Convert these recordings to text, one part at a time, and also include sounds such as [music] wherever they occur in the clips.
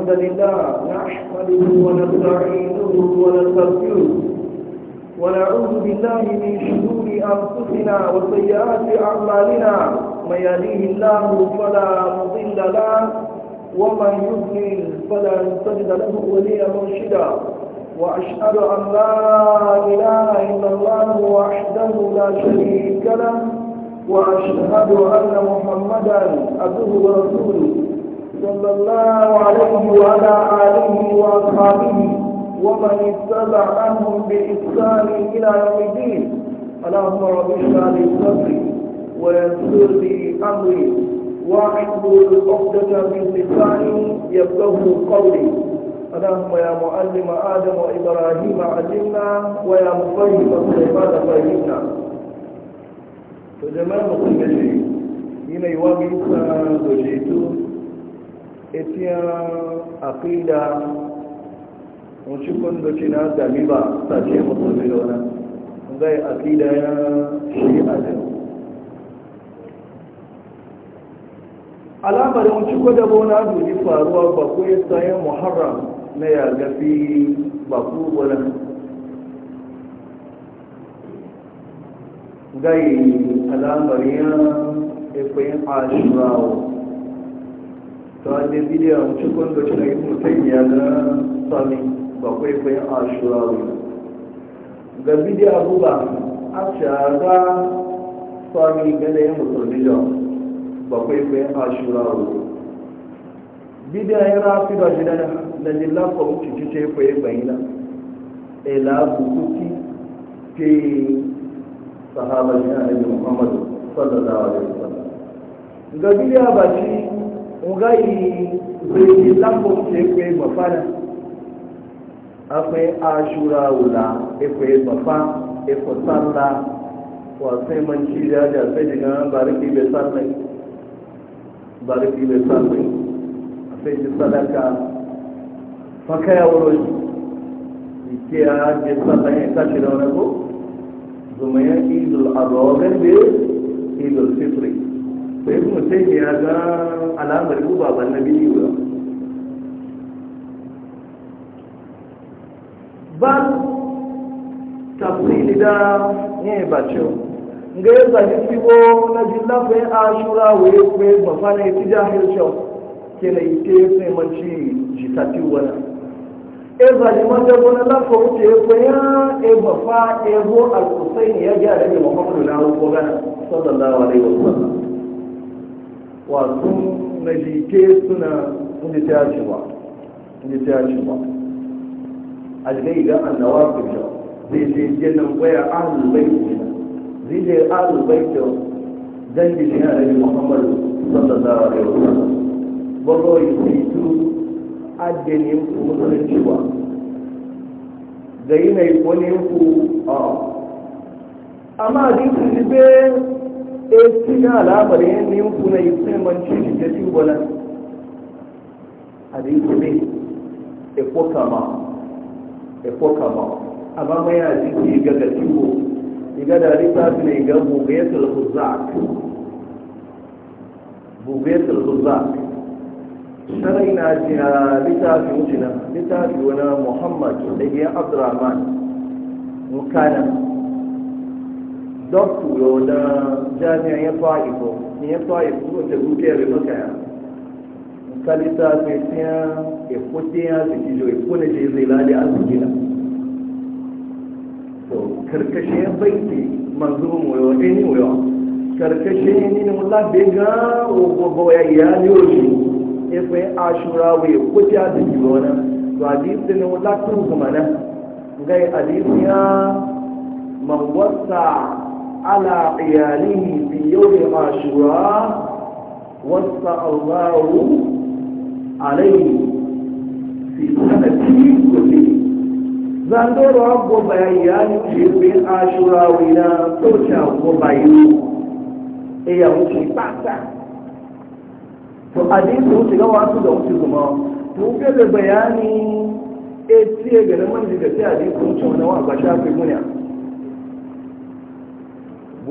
الحمد لله نحمده ونستعينه ونستغفره ونعوذ بالله من شرور أنفسنا وسيئات أعمالنا من يهديه الله فلا مضل له ومن يضلل فلا تجد له وليا مرشدا وأشهد أن لا إله إلا الله وحده لا شريك له وأشهد أن محمدا عبده ورسوله صلى الله عليه وعلى آله وأصحابه ومن اتبعهم بإحسان إلى يوم الدين اللهم رب اشرح لي صدري ويسر لي أمري واحلل عقدة من لساني يفقه قولي اللهم يا معلم آدم وإبراهيم علمنا ويا مفهم سليمان فهمنا فجمال مسلمين هنا يواجه سنة زوجيته etiyan aqida mucikun da cina dami ba sace musulmi da wani zai aqida ya shi'a da alamar mucikun da bona duji faruwa ba ko ya sayan muharram na ya gafi ba ku wani gai alamar ya efe ashirawo to an dai bidiyon cikin da cikin mutum ya na sami bakwai kwayan ashurawi ga bidiyon abubuwa a shaga sami gane yin musulmi jan bakwai kwayan ashurawi bidiyon ya rafi da shi na wuce cice kwayan bayina ila e, bukuki ke sahabar yana muhammadu sallallahu alaihi wasallam ngai zai lambo ce kwe mafana akwai ashura wula ikwe mafa ikwe salla wasai manci da da sai daga bariki bai sallai bariki bai sallai a sai ji sadaka faka ya wuro ike ya je sallai ya tashi da wani ko zuma ya idul arrogan da idul fitri sai kuma sai ya ga alamar guba na biyu ba ba tafsiri da ne ba ciwo ga ya zaji na mafana ya fi jahil shau ke na ite sai manci jitati e lafa wuce ya kwaya e mafa ebo al-husaini ya gyara ne muhammadu na rukwa gana sallallahu alaihi wasallam wasu na jike suna inda ta yaci ba inda ta yaci ba a jikai idan an dawa ku jau zai ce jannan waya ahun bait ne zai je ahlul bait zan ji ne da Muhammad sallallahu yau ba bago yi tu addini ku musulunci ba da yi ne ko ne ku a amma din ku ne e ci ga alamar yin yin kuna yi taimanci shi ta ci wala a da ko kama A ko kama amma mai a jiki ga ga iga da rita su ne ga bugayatul huzak bugayatul huzak na jiya littafi wucina littafi wani muhammad da ya abdurrahman mukanan doktoro na jami'an ya fa fa'ifo ni ya fa'ifo wata dukiyar maka ya kalita sai siya eko tiya su kijo eko na je zai lade a su gina to karkashe baiti manzo mu yo eni mu yo karkashe ni ne mulla bega o gogo ya ya ni o shi e fe ashura we ko tiya su kijo na to hadisi ne mulla tun kuma na ngai hadisi ya man wasa ala ƙiyalihi bi yau da mashura wasu allahu alaihi fi sana cikin kuli zandoro abuwa bayan yanu ce bin ashura wina soce abuwa bayan iya wuce fata to adin su wuce gawa su da wuce zuma to gaba bayani a ciye ga naman da ta fi adin su wuce wa ba shafi muni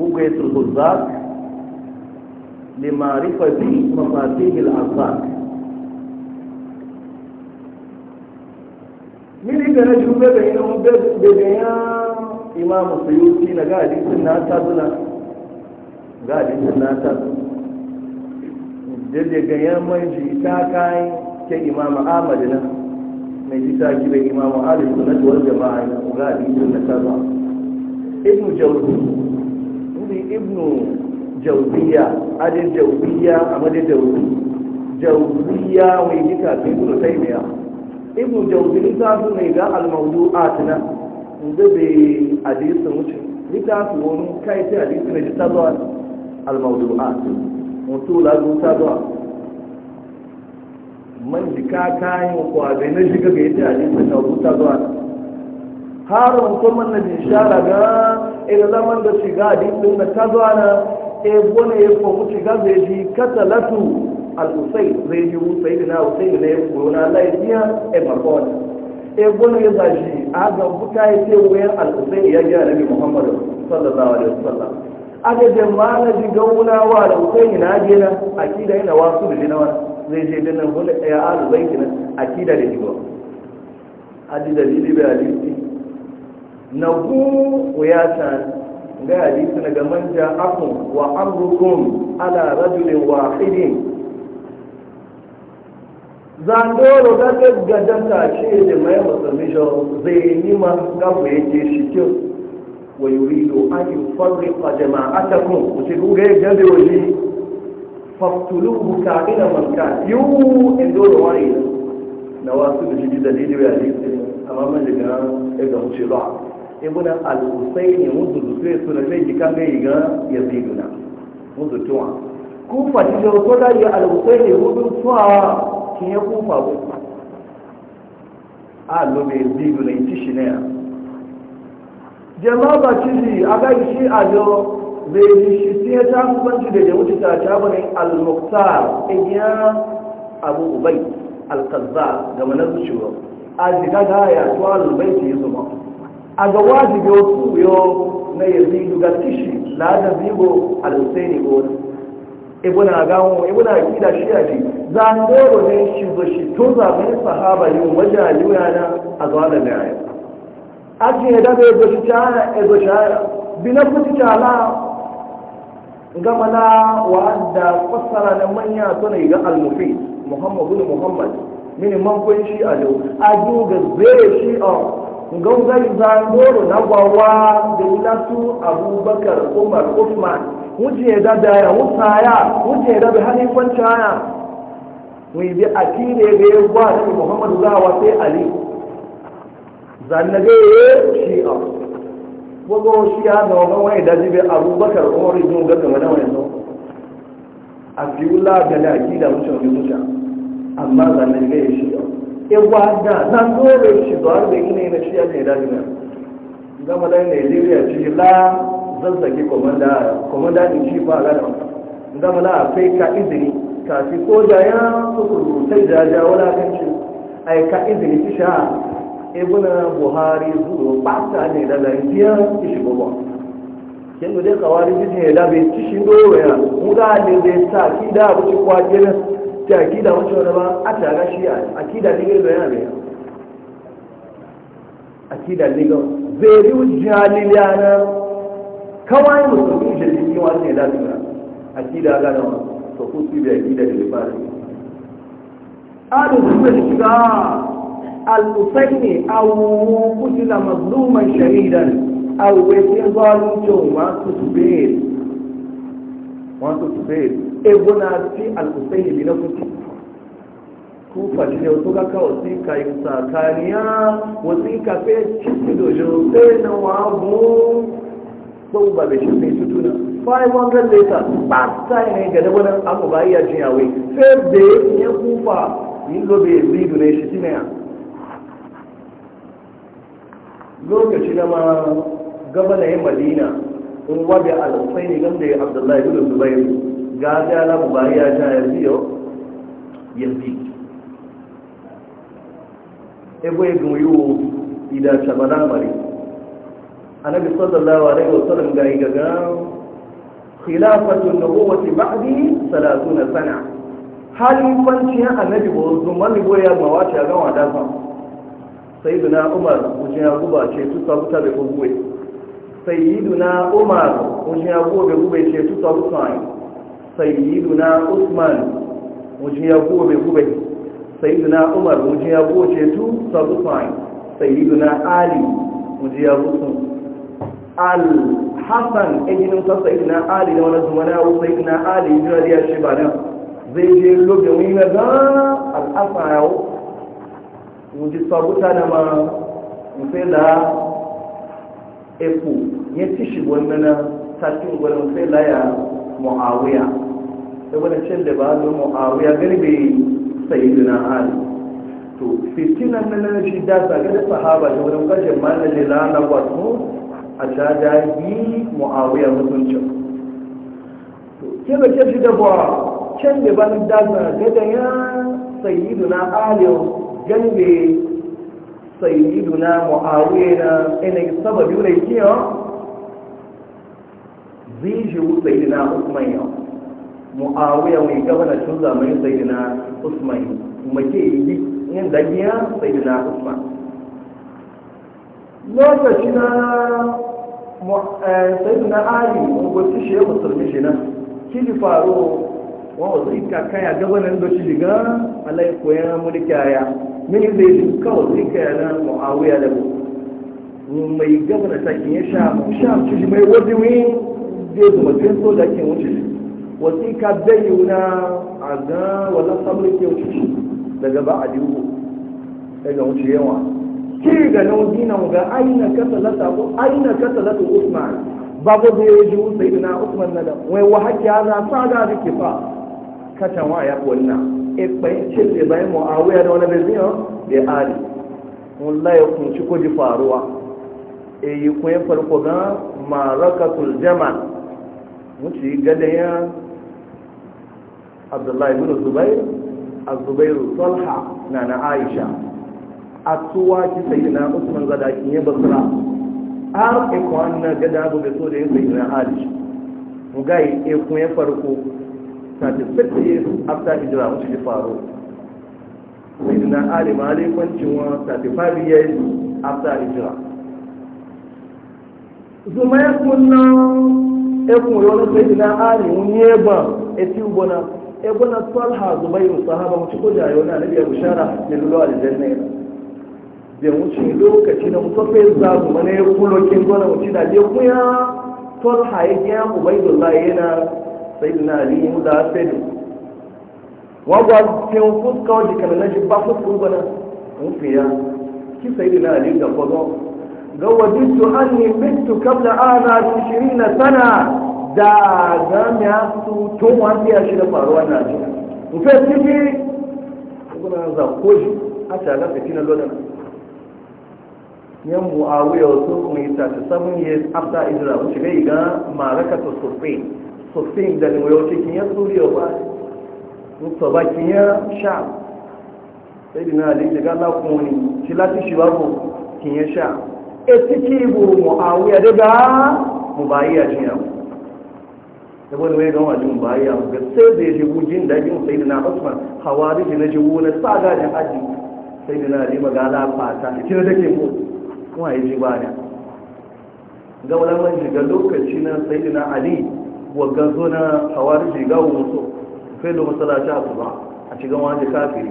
bugai sulhuzak limarifati mafatihil azak mini ga na jube ga yi nan bebe ya imamu suyuti na ga hadisin na ta zuna ga hadisin na ta dade ga ya manji ta kai ke imamu ahmad na mai ji ta kibe imamu ahmad sunnatu wal jama'a ga hadisin na ta zuna ibnu jawzi ce ibnu jauziya adin jauziya a madin jauzi jauziya mai jika fi ibnu taimiya ibnu jauzi ta su ne ga almaudu atina inda bai hadisi wuce lita su wani kai sai hadisi ne ta zuwa almaudu a mutu lagu ta zuwa man jika kayan kwabe na shiga ga yadda hadisi na rubuta zuwa har kuma na shara ga ina zaman da shiga din na ta zuwa na e bone ya fomu shiga zai ji katalatu al-usai zai ji usay na usay na ya kuro na Allah ya biya e makon e bone ya zaji a ga buta ya ce waya al usay ya ga Nabi Muhammad sallallahu alaihi wasallam aga da mana ji gauna wa da usai na gina akida ina wasu da dinawa zai je dinan bune ya al-usai kina akida da jiwa adi dalili bai hadisi na hu uyatan ga hadisi gaman manja akun wa amrukum ala rajulin wahidin zandoro ga gaggadan ta ce da mai musulmi shi zai nima gabu ke shi kyau wa yurido an yi farrika jama'atakun ku ce guga ya gabe waje faftulu buka ina manka yiwu in dole wani na wasu da shi dalili ya hadisi amma man daga ya ga wuce ba ibuna al-husaini musu dutse suna zai ji kan bai ga ya ziduna musu tuwa kufa ti da ko dari al-husaini hudu tuwa ki ya kufa ko a lo be ziduna ti shine jama'a ba ci a ga shi a yo zai ji shi sai ya ta kubanci da ya wuce ta ta bane al-muqtar iya abu ubay al-qazzar ga manar shuru a jiga ga ya tuwa al-baiti yusuf a ga wajibi wasu yo na yazidu ga kishi na ladan zigo al-husaini gona ibuna gawo ibuna kida shi a ji za ne shi zo shi tun zaɓen sahaba yi majali yana a zuwa da gaya ake yada da ezo shi ta ezo shi ta bi na kuti ta la gama na wa'adda fassara na manya suna ga al-mufi muhammadu muhammad mini man kun shi a yau a ga zai shi a gangan zangoro na gwawa da ilatu abubakar umar usman wuce da da ya ya wuce da bi halifan caya mu bi akide da ya gwa da muhammadu zawa sai ali a shi'a shi ya da wani wani da jibe abubakar umar ibn gaga wani wani zo a fiye la da akida wuce wani wuce amma shi a ewa da na dole shi zuwa da gina yana shi ya ake da gina zama da nigeria ci la zazzage komanda in shi ba gada zama da sai ka izini kafi soja ya sukuru sai jaja wala kan a yi ka izini ki sha ibuna buhari zuru bata ne da lafiya ki shi ba kin da kawari ji ne da bai ci shi dole ya mu da ne zai sa ki da bu ci kwaje ti akida wacce wani ba a tara shi a akida ne gaibe ya mai akida ne ga zai jaliliya na kawai musulmi jirgin yi wani ne dasu na akida gana wa to ku su bi akida da bifari alu suna shiga al-usaini usai ne awu da mazluman shahidan a wai sai zuwa lucin wasu su bail wasu su bail egona ti al-usayyib na kuti ku fadi ne to ka kawo sai ka yi tsakaniya wasu ka fe do dojo te na wa bu sau ba bai shi sai tutuna 500 data ba ta yi ne ga wannan abu ba iya jin yawai sai da ya lo be bi do ne shi tinaya lokaci na ma gaba na yin madina in wabe alkusaini ganda ya abdullahi ibn zubairu gaga ala mubari ya ta yanzu yau yanzu ebo egun yiwu ida shabana mari annabi sallallahu alaihi wasallam ga yi gaga khilafatu nubuwati ba'di na sana halin kwanciyar annabi bo zuman bo ya mawace ga wada fa sayyidina umar kujin ya guba ce tusa kuta da gobe sayyidina umar kujin ya gobe gube ce tusa kuta sayyiduna usman wujin ya kuwa mai kube sayyiduna umar wujin ya kuwa ceto sabufan sayyiduna ali wujin ya kusun al-hassan ejinin sa sayyiduna ali da wani zumana wa sayyiduna ali yi da shi ba nan zai je lobe wani na za al'asa yawo wujin sabuta na ma mutai da efu ya ci shi wannan na tashin gwanin sai laya mu'awiyar saboda cin da ba zo mu'awiya garbe sayyidina ali to na nan shi da sa ga da sahaba da wurin kashin malaje na wato a caja yi mu'awiya mutuncin to ke da ke shi da ba can da ba da sa ga da ya sayyidina ali garbe sayyidina mu'awiya na ina sababi ne kiyo zai shi sayyidina hukumai yau muawiya mai gabana tun zamanin sayyidina usman make yi yin dagiya sayyidina usman lokaci na eh, sayyidina ali ungwaci shi ya musulmi shi nan kili faro wa wasu ika kaya gabanin da shi diga alai koyan mulki aya mini zai shi kawai zai kaya na muawiya da mai gabana ta sha mu sha sha shi mai wajewi zai zuma tun da kin wuce shi wasi ka bayyana a ga wala sabri ke wuce daga ba a dubu daga wuce yawa ki ga nan dina ga aina kasalata ko aina kasalata usman babu da ya ji sayyidina usman na nan wai wa za ana saga da kifa katan wa ya wannan e eh, bai ce da bai muawiya da wani beziyo da ali wallahi ya kunci ko ji faruwa e yi kun farko ga marakatul jama' mutu gadaya عبد الله بن الزبير الزبير na na aisha a tuwa ki sai na har ikon na gada bu so da ya sai na aisha mu ga ikon ya farko 36 years after hijira mu shi faru sai na ali malikancin wa ya yi hijira zuma ya kunna sai na ali a ابن talha zubairu sahaba mutu ko da yau na شاره ya bushara الجنه da wuce lokaci na musafai mu mana ya kulo kin gona wuce da je kuya talha ya ga ubaidullah yana sayyidina na mu da sai wa ga kin fuska wa dikan na ji ba fusku bana mu fiya ki sayyidina ali da kwazo ga wajidtu anni bitu kabla ana 20 sana da ga mi a su tun wani ya shi faruwa na ji mufe ciki kuna za ko shi a shaga fitina lodana yan muawiya wasu mai tashi samun years after israel shiga yi ga maraka ta sufin sufin da ne wayo cikin ya suriya ba mutu ba kin ya sha sai dina da ke ga lakon wani shi lati shi babu kin ya sha e ciki bu muawiya daga mubayiya jiya da wani wai ga wajen baya ga sai da ya shigo jin dajin sai da na usman hawa da shi na shigo na sa gajin aji sai da na rima ga lafata da kira da ke ko kuma ya ji baya ga wani man shiga lokaci na sai da na ali wagga zo na hawari shiga wasu fai da masalaci a ba a cikin wani kafiri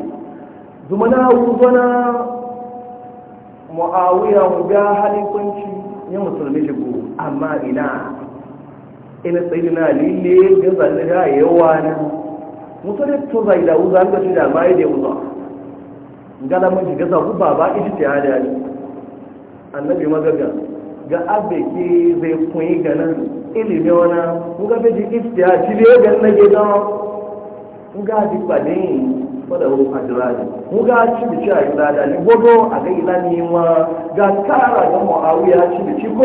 zuma na hudu na mu'awiya mu biya halikunci ya musulmi shigo amma ina ina tsaye na lile ga zanen da yawa ne mutane to zai da uza ga shi da mai da uza gala mun shiga ku baba ita ta hada ne annabi magaga ga abbe ke zai kunyi ganin ilimi wana nga be di iftiya ci le ga na ge da nga di pade fada ne mun ga ci bi ci ayula da ni gogo a ga ilani ma ga kara ga muawiya ci bi ci ko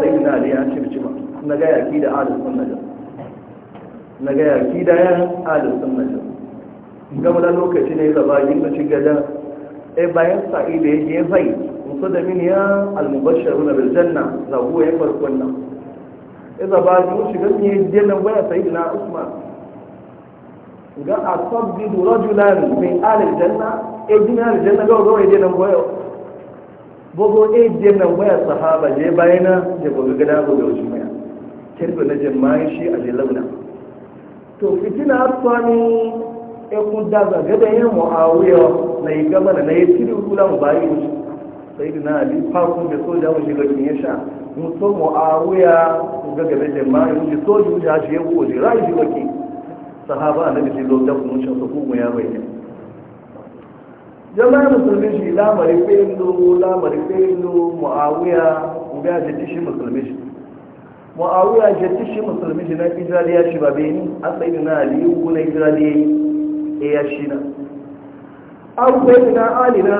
sai na ne ya ci bi ci ba na gaya ki da adal sunna na ga yaki da yan ahlus sunna gama da lokaci ne zabagin da cikin gada eh bayan sa'i da yake bai musu da min ya almubashiru na biljanna zago ya farkon nan eh zabagin shi gami ya je nan waya sa'i na usman ga asabbidu rajulan min alil janna eh din alil janna ga ga ya nan waya bogo eh je nan waya sahaba je bayana je bogo gada bogo shi mai kirgo na jama'i shi a jilauna to fitina aswani ya kuda zaga da yin mu'awiyar na yi gama da na yi tiri kula mu bayi shi sai da na ali fakun da soja mu shiga cikin sha mu so mu'awiya ga gaba jama'i mu soja mu ya shi ya ko ji rai shi wake sahaba annabi shi zo da kuma shi so kuma ya bayyana jama'a musulmi shi lamari fe ndo lamari fe ndo mu'awiya mu ga da shi musulmi shi ma'awuya ke tishi musulmi shi na israeliya shi ba bai ni, a tsaye na aliyu na israeliya e eh, ya shi na an kwaye na alina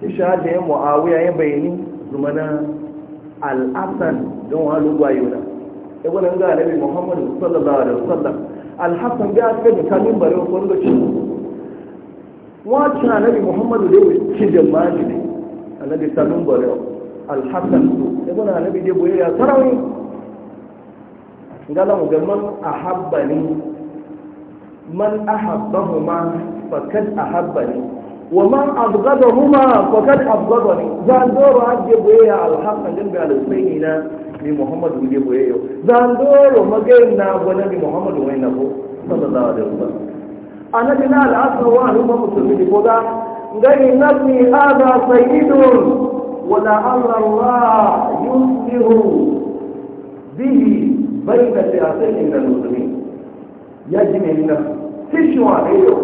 tishi hajji ya ma'awuya ya bai ni, zuma na al'asan don halu bayona ya wani ga alabi muhammadu sallallahu alaihi wasallam alhassan bi aka da kamin bare wani lokaci wacin alabi muhammadu da ya wuce jama'a ne alabi kamin bare alhassan su ibn annabi dai boye ya sarawi ngala mu ga man ahabbani man ahabbahuma fakad ahabbani wa man abghadahuma fakad abghadani zan doro hajje boye ya alhassan din ga alhusaini na bi muhammadu dai boye yo zan doro magai na gwana bi muhammadu wai na ko sallallahu alaihi wasallam annabi na al'asra wa huma musulmi ko da ngai nabi hada sayyidun ولعل الله يصلح به بين فئتين من المسلمين يجمع نفسه تشوى عليه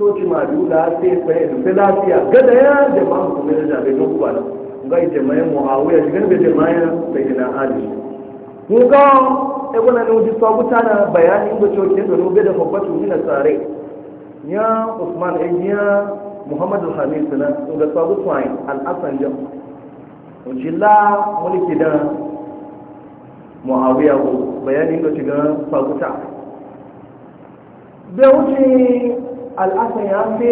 soci ma biyu da ake tsaye da fi lafiya gada ya jama'a su mai da bai nuku ba ga jama'a muawiya shigar da jama'a bai gina ali kun ga ebe na nuji sabuta na bayanin da cokin da nuga da babbatu ni na tsare ya usman ɗan muhammadu hamid nan ga sabu kwain al'asan jam ujilla mulki da muawiya ko bayanin da shiga fakuta da wuce al'asan ya fi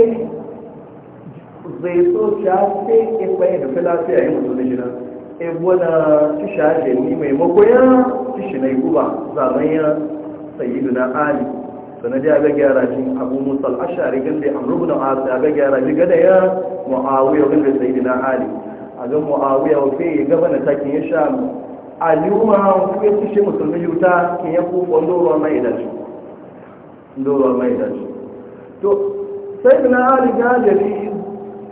zai so ya fi ikwaye da fi lafiya yin mutu da shi nan ebola ci shaje ni mai magoya ci shi na yi guba zaben ya sayi na ali sanadi aga gyara shi abu musa al-ashari gande amr ibn a aga gyara shi gada ya muawiya gande sayyidina ali aga muawiya wa fi gabana takin ya sha ali ma ku ya kushe musulmi yuta kin ya ku wando ruwa mai da shi ndoro mai da shi to sayyidina ali ga jali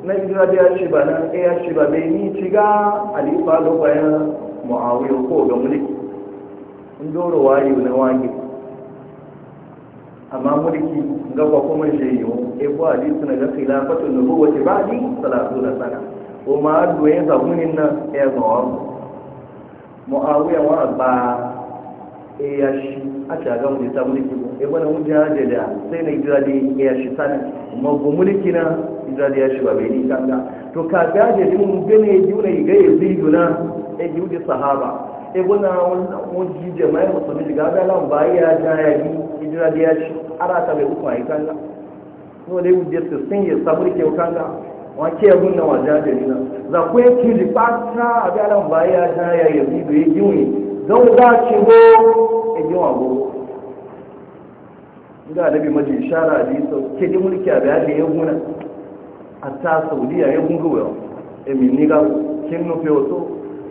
na idra da ya shi bana eh ya shi ba bai ni ciga ali fa lo bayan muawiya ko ga mulki ndoro wayo na wangi amma mulki gaba kuma shehu e ko hadisi na ga khilafatul nubuwwati ba'di 30 sana kuma duwe zamunin na e gawa muawiya wa ba e ya shi a ta ga mu ta mulki ko e bana mun ja da da sai na jira da e ya shi sana amma bu mulki na jira da ya shi ba bai ni kanga to ka ga da mun bane juna ga yazidu na e judi sahaba ebona wọn jí jẹmọ ẹ mọsán méjì gábẹ aláǹbá ayé ajá ayé ìdíra díẹ ṣe ara àtàlẹ òkun àyíkáńgá ní wọn léwu jẹ sèṣin yẹ sábúrì kẹ wọn kí ẹgún náà wọn jáde nínú zàkó ẹkí lè pátá abẹ aláǹbá ayé ajá ayé ìlú ìlú ìdíwìn dánwó bá ṣe bó ẹjẹ wọn bó nígbà àdébí mọjì ìṣára àdìsọ kéde múlìkì àbẹ àdé ẹgún náà àtà sàwùdí àyẹgún gòwẹ ẹmí nígbà kí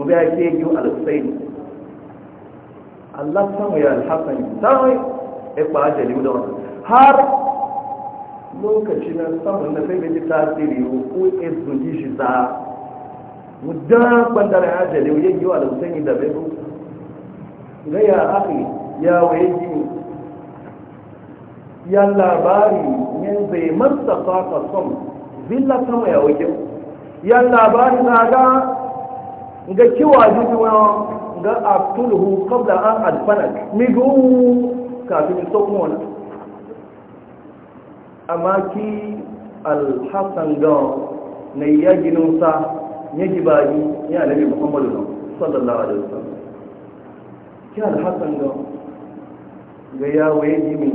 gobe ya ke yi al-husayn Allah samu ya alhassan hasan sai e kwa ajali da wata har lokacin na samun na sai ta tasiri ko e zuji shi za mudan bandara ajali ya yi al-husayn da bai ga ya akhi ya waye gini ya labari ne zai marsa fata son zillata ya wuke ya labari na ga ga kiwa jujuwa ga aftulhu qabla an alfanak migu kafin sokmo na amma ki alhassan ga na iya gininsa ya gibayi ya nabi muhammadu sallallahu alaihi wasallam ki alhassan ga ga yawo ya jimi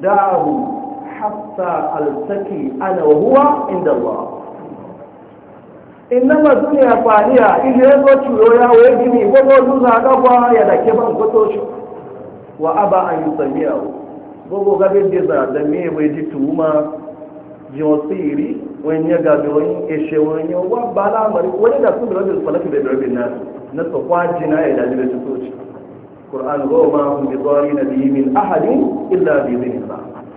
da'ahu hatta alsaki ana wa huwa inda Allah innama duniya faniya ile yazo ciro ya waye gini za ka kwa ya ke ban fito shi wa aba an yusamiya gogo gabe de za da me bai ji tuma josiri wani ya gabe wani eshe wani wa bala mari wani da su bilabin falaki da bilabin na na tsakwa jina ya daji da tutoci qur'an goma hum bi dhari bi min ahadin illa bi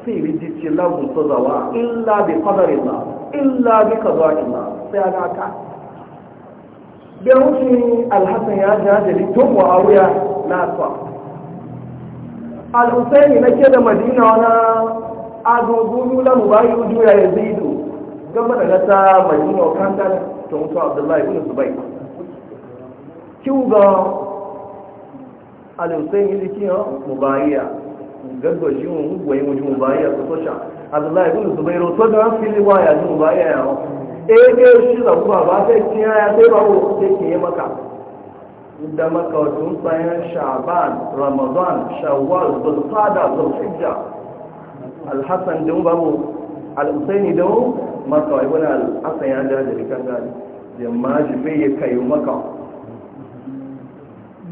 fi bi ji ci lagun tazawa illa bi qadarillah illa bi ma sai a ka. bai wuce alhassan ya ji hajjali wa muawiya na sa al na ke da madina wani agogo la mubayu juya yazidu gaba da ta madina kan ta to mutu abdullahi ibn zubayr kiuga al-husaini dikiyo mubayiya gaggo shi mun gugwaye mu ji mu bayi a kusurca abdullahi ibn zubairu to da fili waya ji mu bayi a yawa eh eh shi kuma ba sai kiya ya sai ba ko sai ke maka da maka tun ramadan shawwal zulqa'da Alhassan, alhasan din babu al-husaini da maka ibn al-hasan ya da da kan gani jama'a ji bai kai maka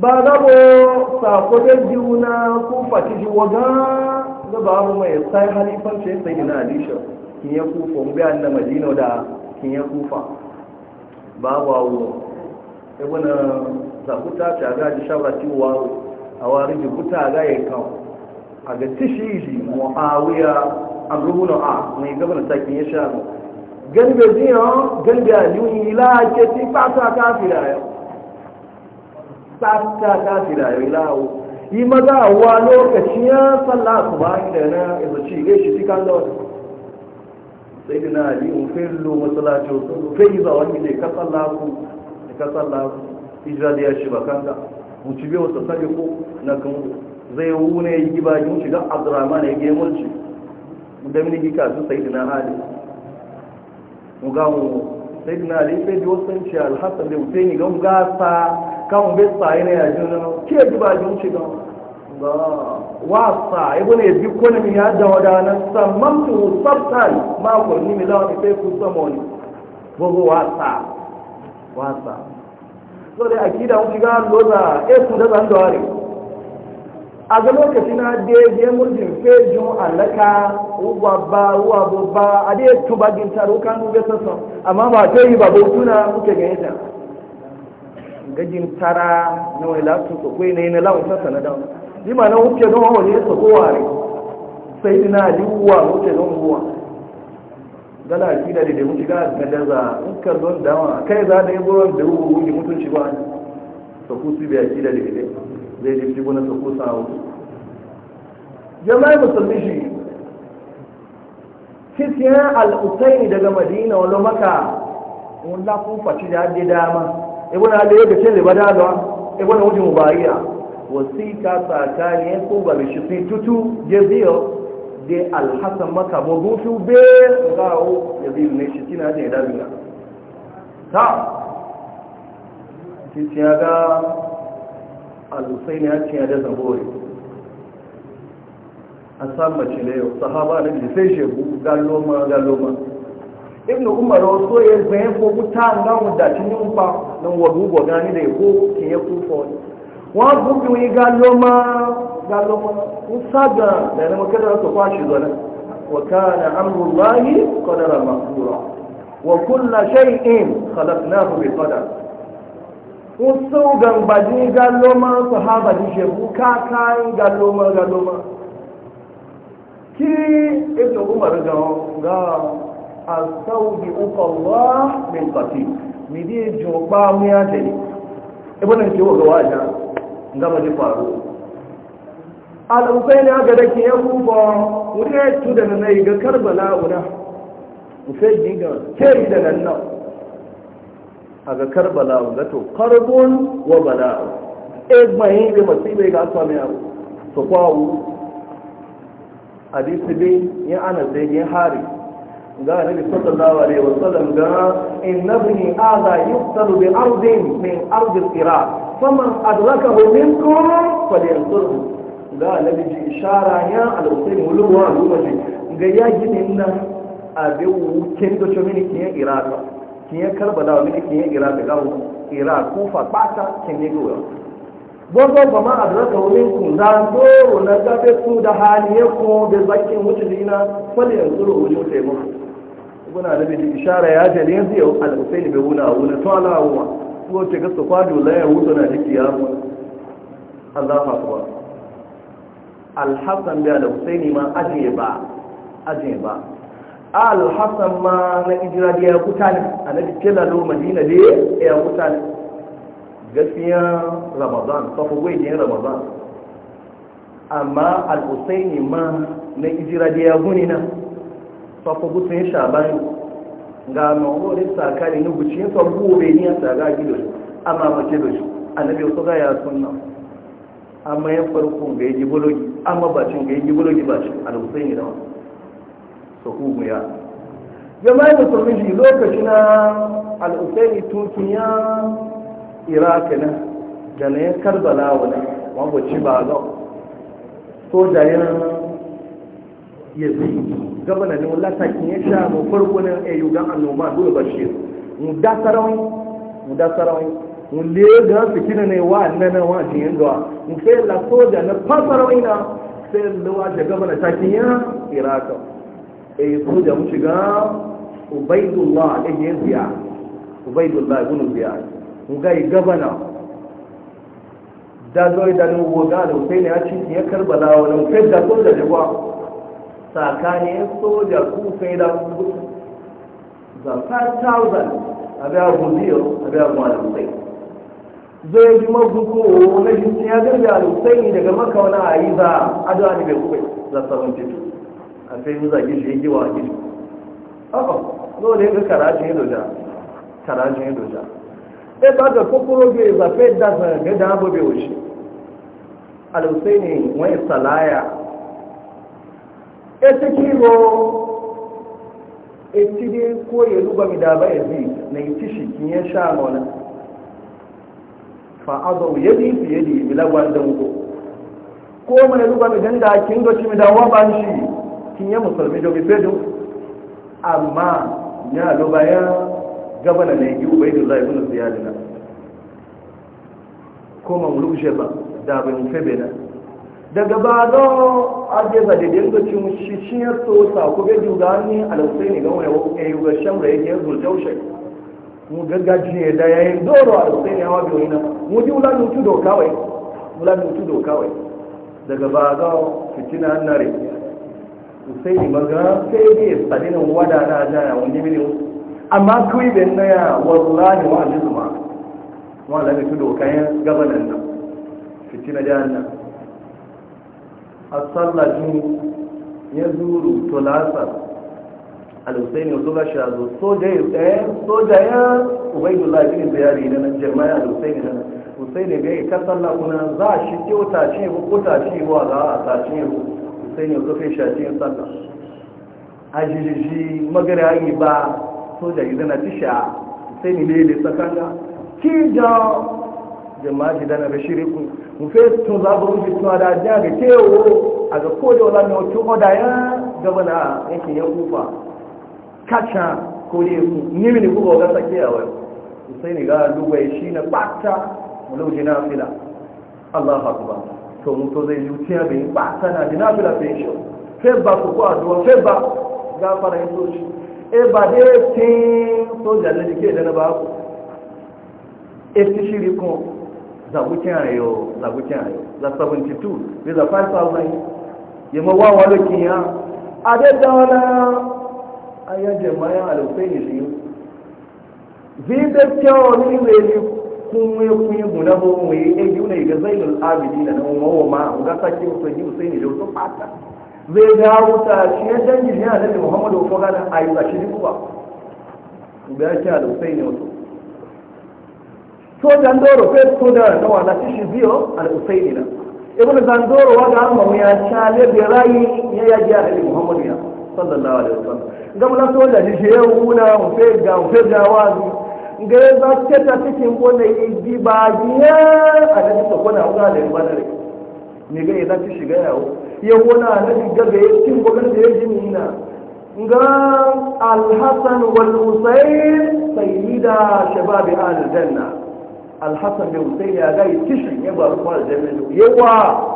ba gabo sako da juna ko fati ji waga da babu mai sai halifan ce sai ina alisha kin ya kufa mu bayan na madina da kin ya kufa Ba babu awo sai wannan zakuta ta ga ji shawara cewa a wari ji buta ga ya kan a ga tishiji muawiya amrubuna a mai gaban sakin ya sha ganbe jiya ganbe aliyu ila ke ti ba ta kafira yau tsaka ta filayen lawo yi maza wa lokaci ya tsalla su ba da na ci gai shi fi kan lawan sai da na yi unfin lo matsalacin sun fai za wani ne ka tsalla ku da ka tsalla ku hijira da ya shi ba kan da mutu biyu wata sani ko na kan zai wune yi ba yi shiga abdurrahman ya gai mulki da mini gika su sai da na hali mu ga mu sai da na alifai biyu wasu ci alhassan da wuce ga gasa ka bai saa enyi ya ndu ndu na o kye jubaju ndu na o nga o a saa ebile ebikolwi ndu ya ndu ndu na saman mamtu sap ma ko nimi lawa ebe efu sọmọ nnị bo bo wa a saa wa a saa so dee a kye na o si ka loza e kute za ndu ha de. Aga na o kachasị na dee jemurikidwe feeju alaka, ụgwagwa, ba a dee tubagintari o ka ndụ bɛ sasama. Amaa maa too yi ba bu ufu na gajin tara na wani lasu sakwai na yi na lawan sassa na dawa ji ma na wuce don hawa ne sa kowa ne sai ina liwuwa wuce don ruwa gala a kida da mutu ga ga daza in ka don dawa kai za da yi buron da ruwa wuce mutunci ba ne sa su biya kida da gida zai ji shi gona sa ku sa wuce jama'i musulmi shi kisiyan al'usaini daga madina wani maka wani lafin faci da dama ibn ali ya gace le badalwa ibuna wujin mubariya wasika ne ko ba bi shi tutu biyo de alhasan maka bo gufu be gawo bi ne shi tina da dabila ta cikin ga alusaini husaini ya ce da zabori a san mace ne sahaba ne sai shegu galoma galoma ibn umar wasu ya zai ko buta na wadacin yin fa nan wadu gwagani da ya ko ke ya kufa wani wa gudu yi galoma galoma kun saga da na makarar su kwashi zuwa wa kana amrullahi qadara maqdura wa kullu shay'in khalaqnahu bi qadar kun saugan baji galoma sahaba di shebu kakai galoma galoma ki ibn umar ga astaubi uka Allah min qatik mi dai joba mu ya dai ibn ke wa gawaja ngama ji faru al usaini aga da ke yabu ba wuri tu na nan ga karbala una usaini ga ke da nan a ga karbala ga to karbun wa bala'u egbayin da masibai ga asami abu su kwawo hadisi bin yin ana zai yin hari ga annabi sallallahu alaihi wasallam ga inna ibni adha yuqtalu bi ardin min ard al-iraq faman adrakahu minkum falyansurhu ga annabi ji ishara ya al-husayn wulwa lumaji ga ya ginin nan abin wukin da mini kiyan iraq kiyan karbala wa mini kiyan iraq ga iraq kufa bata kin ne gowa gbogbo ba ma adraka wurin kun za doro na gabe su da hali kuma da zakin wuce dina kwallon tsoro da taimaka. taimako buna da bidi ishara ya ta ne zai yau al-usaini bai wuna wuna to ala wa ko ta ga su kwado la ya wuto na jiki ya mu Allah fa kuwa al-hasan bi ma ajiye ba ajiye ba Al'Hassan ma na ijira da ya kuta ne annabi kila lo madina da ya kuta ne gaskiya ramadan kafa gwai ne ramadan amma al ma na ijira da ya guni na fafagutun shaban ga mawari tsakari na gucin sa gobe a tsaga gido shi amma mace da shi annabi wasu gaya sunna amma ya farko ga yi gibologi amma bacin ga yi gibologi bacin alhussein ne da wa su kuma ya jama'i musulmi lokaci na alhussein tukiya na na ba gabana ne wala ta kinye sha mu farko nan e eh, yugan annoma dole bashir mu da sarawin mu da sarawin mu le ga fikina ne wa nan wa jin ga mu fe la soja na fasarawin na sai lawa da gabana ta kinye iraka e eh, soja mu shiga ubaidullah da eh, yin ziya ubaidullah ibn ziya mu ga gabana da zoi da nuwo ga da sai ne ya ci ya karbala wani fedda soja da ba tsakanin soja kufai da kudu za 5,000 abia guziyo abia gwanusai zai ji maguko na jinsu ya zai da alusai daga makauna a yi za a da ne bai kubai za sabon fito a sai yi zagi shi yake wa gishi a'a dole ga karajin yi doja karajin yi doja ɗai ba ga kokoro bai zafe da ga dabo bai wuce alusai ne wani salaya ita kiro ita dai ko ya ruba mi da baya zai na yi tishi kin ya sha mana fa azau yadi fi yadi mi lagwan dango ko mai ruba mi danda kin do ci mi da wa ban shi kin ya musulmi do mi fedo amma ya lo baya gabana ne yi ubaidullahi ibn ziyadina ko ma mamluk sheba da bin febena daga ba a don ajiyar da dangacin shishiyar sosa ku ga jugani a lausai ne ga yau a yi ga shamra ya ke zuljaushe mu gaggaji ne da yayin doro a lausai ne wabi wani na mu ji wula mutu da kawai wula mutu da kawai daga ba don fitina nare sai ne maza sai ne tsadinan wada na jaya wani mini amma kuwa ibin na ya wallahi wa jizuma wa lamitu da kayan gabanin nan fitina jihar nan asalla jini ya zuru tulasa al-husaini wasu ga shazo soja ya tsaye soja ya ubaidullah bin ziyari na jama'a al-husaini na husaini ga ya kasalla kuna za shi ke wuta ce ko kuta ce ko za a ta ce ko husaini wasu kai shaci ya sallah ajijiji magana yi ba soja izina tisha husaini ne da sakanga ki da jamaji dana be shiriku mu fe tun za bu bi tun ada ja ga a aga ko da wala no tun oda ya gabana yake ya kufa kacha ko ne ku ni mini ku ga sake ya wai sai ni ga duba shi na bata mu lauje na fila Allahu akbar to mu to zai zuciya bai bata na dina fila bai shi fe ba ku ko addu'a fe ba ga fara yin to shi e ba dai tin to jalle dike da na ba ku e shiri ko za ayo za ayo za 72 bi za 5000 yamma wa wa lokin ya adada wala ayan jama'a al-husaini shi zai kyau ni ne kun yi kun guna ba mu yi e yuna ga zainul abidi da nan mawa ma ga saki to husaini da wasu fata zai dawo ta shi ya dangi ne annabi muhammadu ko ga da ayi shi ne ba ku ki al-husaini soja ndoro fe soja na wana tishi biyo ala usaini na ibn zandoro waga amma mu ya chale bi rayi ya ya ya ali muhammad ya sallallahu alaihi wasallam ngam la soja ni je una mu fe wazi ngeza teta tiki ta cikin ajia yi bi kwana giya a da ta gona ga da badare ne ga ina tishi ga yawo ya gona na diga ga cikin gona da ya ji na ga al-hasan wal husayn sayyida shabab al-janna alhassan da hussein ya gai tishin ya ba kuma da jami'in yawa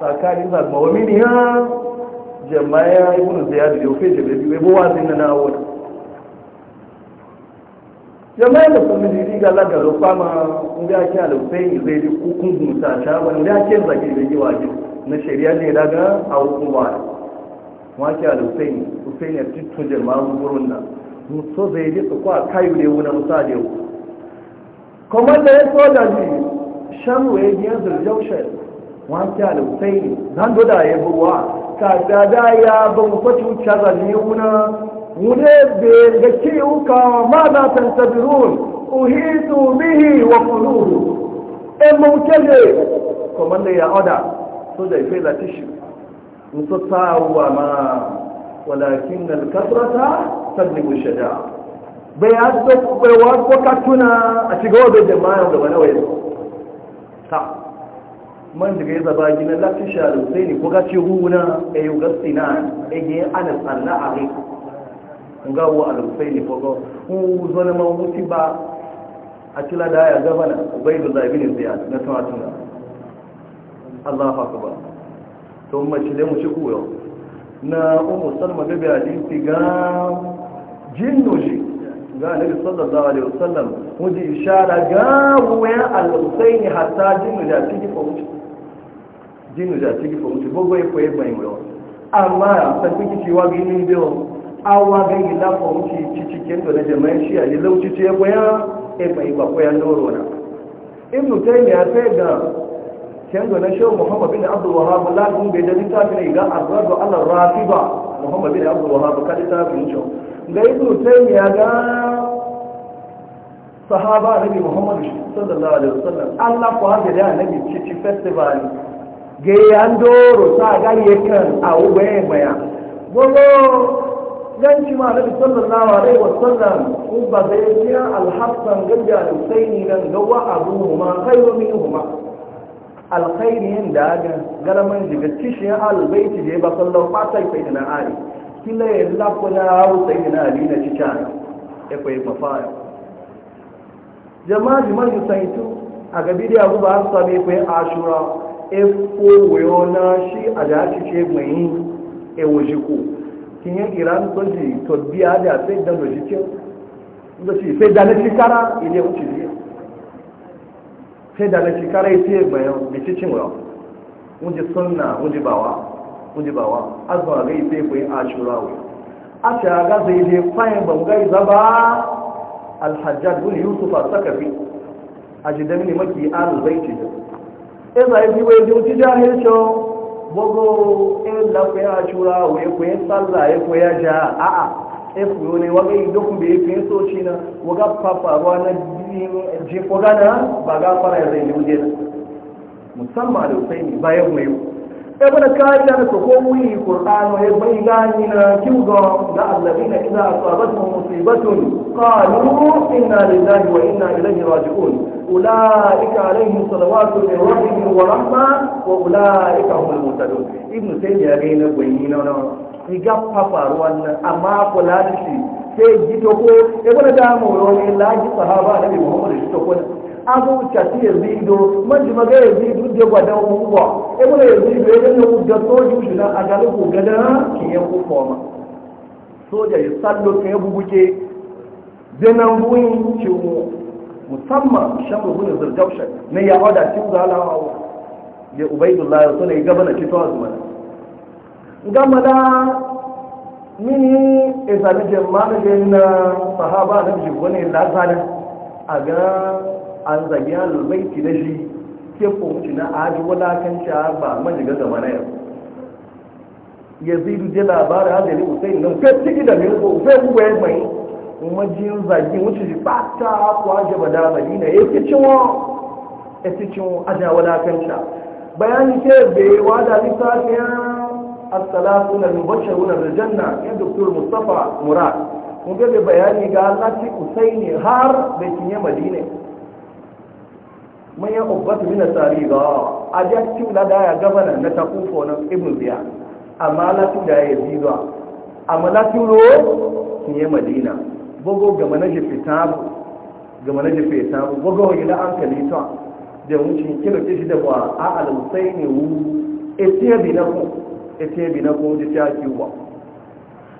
tsakanin zagma wa mini ya jama'a ibn ziyad da ofe jami'in bai bowa zai na na wani jama'a da kuma jiri ga lagaro fama in ga ake da hussein zai ji kukun gusa ta wani da ake zage da yi wajen na shari'a ne daga a hukun wani wake da hussein hussein ya tittun jama'a gurin nan so zai yi su kwa kayu ne wunan musa da yau komanda ya soja ne shan waye biyan zirjaushen wanke alusai ne zan doda ya buwa ka da ya ba mu kwaci wuce zane wuna wune be ga ke uka ma za ta sabirun uhitu bihi wa kuluhu e mauke ne komanda ya oda soja ife la tishi musu tsawa ma walakin alkafrata tadlibu shaja'a bai ya so bai wa ko ka tuna a shiga wa jama'a da bana waye ta man daga ya zaba gina lafi sharu sai ne ko ka huna a eh, yu gasina e eh, ge ana tsalla a rai ga wa alufai ne ko ko hu zona ma wuti ba a tila da ya gabana zabi ne ziyad na tawa tuna Allahu ba. to shi ci mu ci kuyo na umu salma bibi hadisi ga jinnoji ga annabi sallallahu alaihi wasallam muji ishara ga wuya al-husayn hatta jinu da tiki ko wuce jinu da tiki ko wuce gogo ko yayin mai wuyo amma san kike cewa ga yin biyo awa ga ila fa wuce cikin da jama'an shi ali lauci ce goya e bai ba ya doro na ibn taymiya sai ga kendo na shehu muhammad bin abdul wahhab la bai da littafin ga arradu ala rafiba muhammad bin abdul wahhab ka bin shi Gaisu ibn ya ga sahaba nabi muhammadu sallallahu alaihi wasallam Allah ko haka da nabi cici festival ga doro sa ga kan a ubaye baya gogo ganci ma nabi sallallahu alaihi wasallam ko ba da ya al-hasan gajja da husaini nan ga wa abu ma khairu minhuma alkhairin da ga galaman daga kishin albayti da ba sallallahu alaihi wasallam ba ali kila ya lakwana hau sai na ali na cica ya jama'a jimar yi saitu a gabi da yabu ba su sami kwaye ashura efo wayo na shi a da shi mai yi ewo jiko kin yi iran to biya da sai da lojikin da ya kujibawa azwa gai sai ku yi ashurawo a ce ga zai je fayin bangai zaba alhajjad wani yusuf a sakafi a jidan ne maki alu zai ce e za yi biyu ya ji jahil jahilci gbogbo in da ku yi ashurawo ya ku yi sallah ya ku kuyi ja a a e fuyo ne wani idokun da ya fi soci na waga fafaruwa na jefogana ba ga fara zai ne wuje na musamman da usaini bayan mai ابن كايدا كوكوي قرآن يبيغاننا كيوغا لا الذين إذا أصابتهم مصيبة قالوا إنا لله وإنا إليه راجعون أولئك عليهم صلوات من ربهم ورحمة وأولئك هم المهتدون ابن سيدي أغينا بيننا riga fafaru wannan amma kula da shi sai ji ko ibn da mu ne laji sahaba da Muhammad shi to abu chati yazido e manji maga yazido e de gwada mu ba e mu yazido e ne mu da soju shi na agalu ku gada ki yan ku soja ya sallo ka ya bubuke zenan buin ci mu musamman shamu bin zurjabsha ne ya oda ci zalawa ya ubaidullah ya sunai gabana ci to azuma gama da mini ezalije mana na sahaba na jibo ne lazana a an zagi halin ki da shi ke fahimci na aji wadatanci ba majiga zama na yau ya zidu duje labarin hajjali usain nan kai ciki da mai ko kai kuwa ya mai majin zagi wuce shi fata kuwa ji ba da madina ya fi cinwa ya fi cinwa aja wadatanci bayani ke bai wada na الثلاثون المبشرون بالجنة يا دكتور Mustapha مراد mun gabe bayani ga Allah ci Usaini har bai cinye Madina manyan ubbatu mina tsari wawa a jakkin da ya gabana na takufo na ibn biya amma latin da ya yi zuwa amma latin ro ne madina bugu ga manaje fitabu ga manaje fitabu bugu wa gida an kalita da wucin kilo kishi da ba a alusai ne wu etiyabi na ku etiyabi na ku da ta kiwa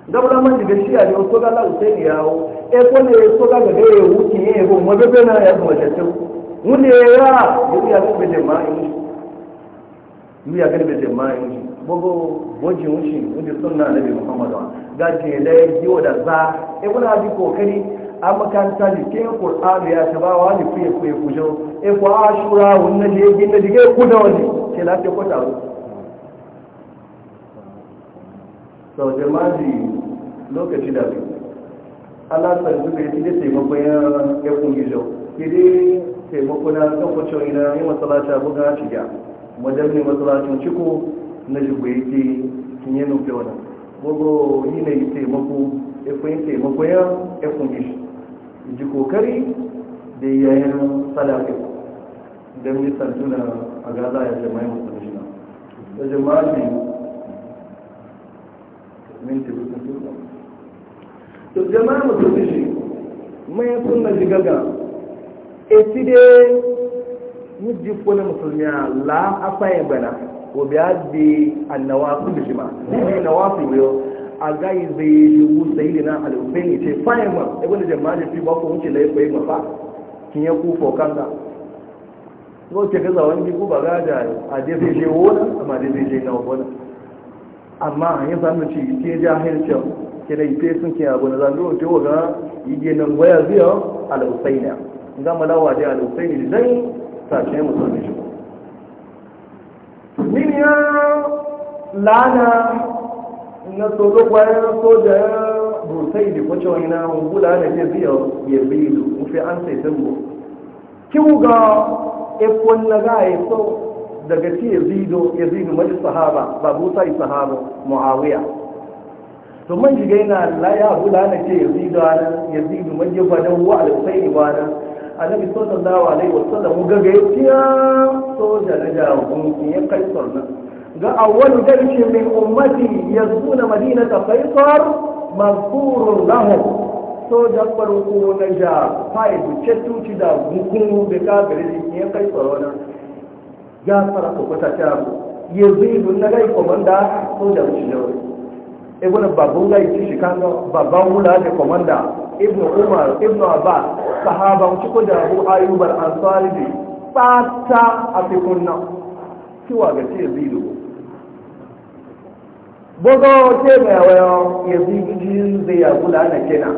dabra man diga shi a ne so ga lausai ne yawo e ko ne so ga ya wuce ne ya bu mabebe na ya bu majatin wunde ya wuya garbe jama'i wuya garbe jama'i gbogbo gwajin wucin wunde suna nabi muhammadu ga jela ya yi da za a wuna bi kokari a makaranta ne ke kur'anu ya taba wa ne kuye kuye kujo e ku ashura wannan da ya gina kuda wani ke lafiya sau lokaci da bi Allah sarki da ya ci da taimakon ya kun taimako na lokacin ina yi matsalaci abu ga shiga wajen ne matsalacin ciko na shigo yake kinye nufi wani gogo yi na yi taimako ikon taimako ya ikon gishi ji kokari da yayin salafi don yi santuna a gaza ya jama'i matsalaci na da jama'i minti kusan tuka to jama'i matsalaci mai sun na shiga eti de mujji kone musulmiya la ye bana ko a di annawasu da shima ni nawasu biyo a gayi zai yi wusa yi na alufin ce ye ma ebe da jama'a da fi ba ko wuce ye yi fa, kin ya ku fo da ko ka zawa ni ku ba da a je zai je wona amma dai zai je na wona amma an yi sanu ci ke jahilcin ke da ife sun ke abu na zanzu ta yi wa ga yi genan waya zuwa al'usaina ga dawa da alufai ne zai sashe musulmi shi miliyan lana na tsoro kwayan soja ya rusai da kwace wani na hula da ke ziya ya biyu mafi an sai tambo kiwu ga ikon na ga ya so daga ci ya zido ya zido mai sahaba ba busa yi sahaba muawiya to man shiga yana la ya hula na ke ya zido ya zido mai ya fadon wa alfai ne ba annabi sallallahu alaihi wasallam ga gaiciya soja na jagun ya kai sarna ga awwalu jaishi min ummati yazuna madinata qaisar mazkurun lahum soja farko na ja faidu cetuci da gukunu da kagari ya kai sarona ya fara kwakwata ta yanzu na gai komanda soja shi jawai ibn babu gai shi kan babban wula da komanda ibn umar ibn abbas sahaba wuce ko da abu ayyubar ansari ne fata a fikun nan kiwa ga ce zido bugo ce mai wayo ya zigijin zai ya gula na kina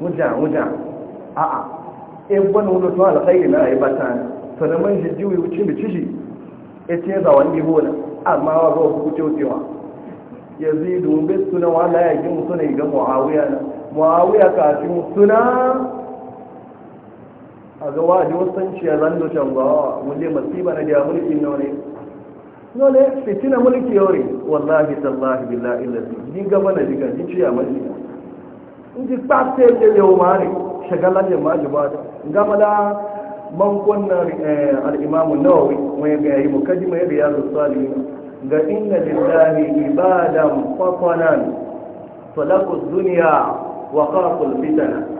muja muja a'a in e, ban wani to alkhairi na yi bata to da man jijjiwi wuce da ciji ya e, ce za wani na amma wa ba ku cewa ya zido bai suna wa ya gina suna ga muawiya na muawiya kafin suna a ga waje wasan ciya zan do can ba wule masiba na da mulki nore dole fitina mulki yore wallahi tallahi billahi illazi ni gaba na diga ji ciya mulki in ji tsafe da yau mare shagala da maji ba gama da man kunna eh, al-imamu nawawi wai ga yi mukaddima ya riyadu salihin ga inna lillahi ibadan fatanan falaqu Duniya, wa qaqul fitana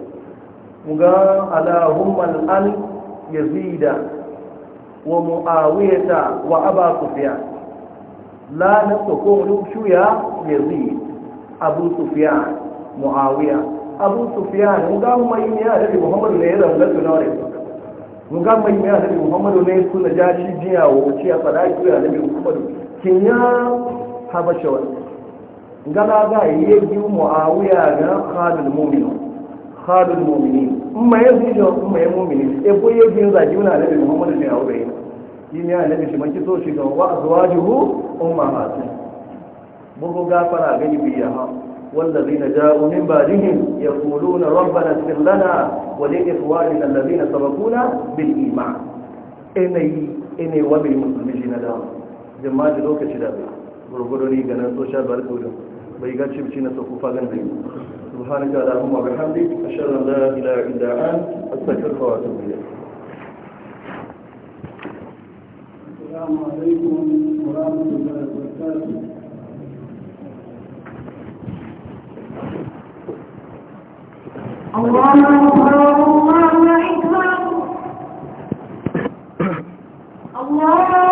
ga alahumman al yazida wa mu'awiyata wa aba sufiya la na sokon shuya yazid abu sufiya mu'awiya abu sufiya ne mai ne ya muhammadu ne ya zanga tunare muga mai ne ya muhammadu ne suna shi jiya wa wuce a sadaki ya nabi muhammadu kin ya habasha wani galaga yi yi mu'awiya ga khalil mu'minu khalil mumini ma ya zai jiwa kuma ya mumini e ko ya biyan zaki wani alabi muhammadu ne a wurin shi ne alabi shi maki so shi ga wa'azuwa jihu umma masu bugu gafara gani biya ha wanda zai na ja'u min ba jihin ya kulu na rabbana sirlana wa ne ya kuwa ina na sabakuna bil ima enayi enayi wa bil musulmi na da jama'a lokaci da bai gurgurori ganin social barkodin bai ga cibci na sokufa gan zai سبحانك اللهم وبحمدك أشهد أن لا إله إلا أنت أستغفرك وأتوب إليك السلام عليكم ورحمة الله وبركاته الله أكبر الله أكبر [coughs] الله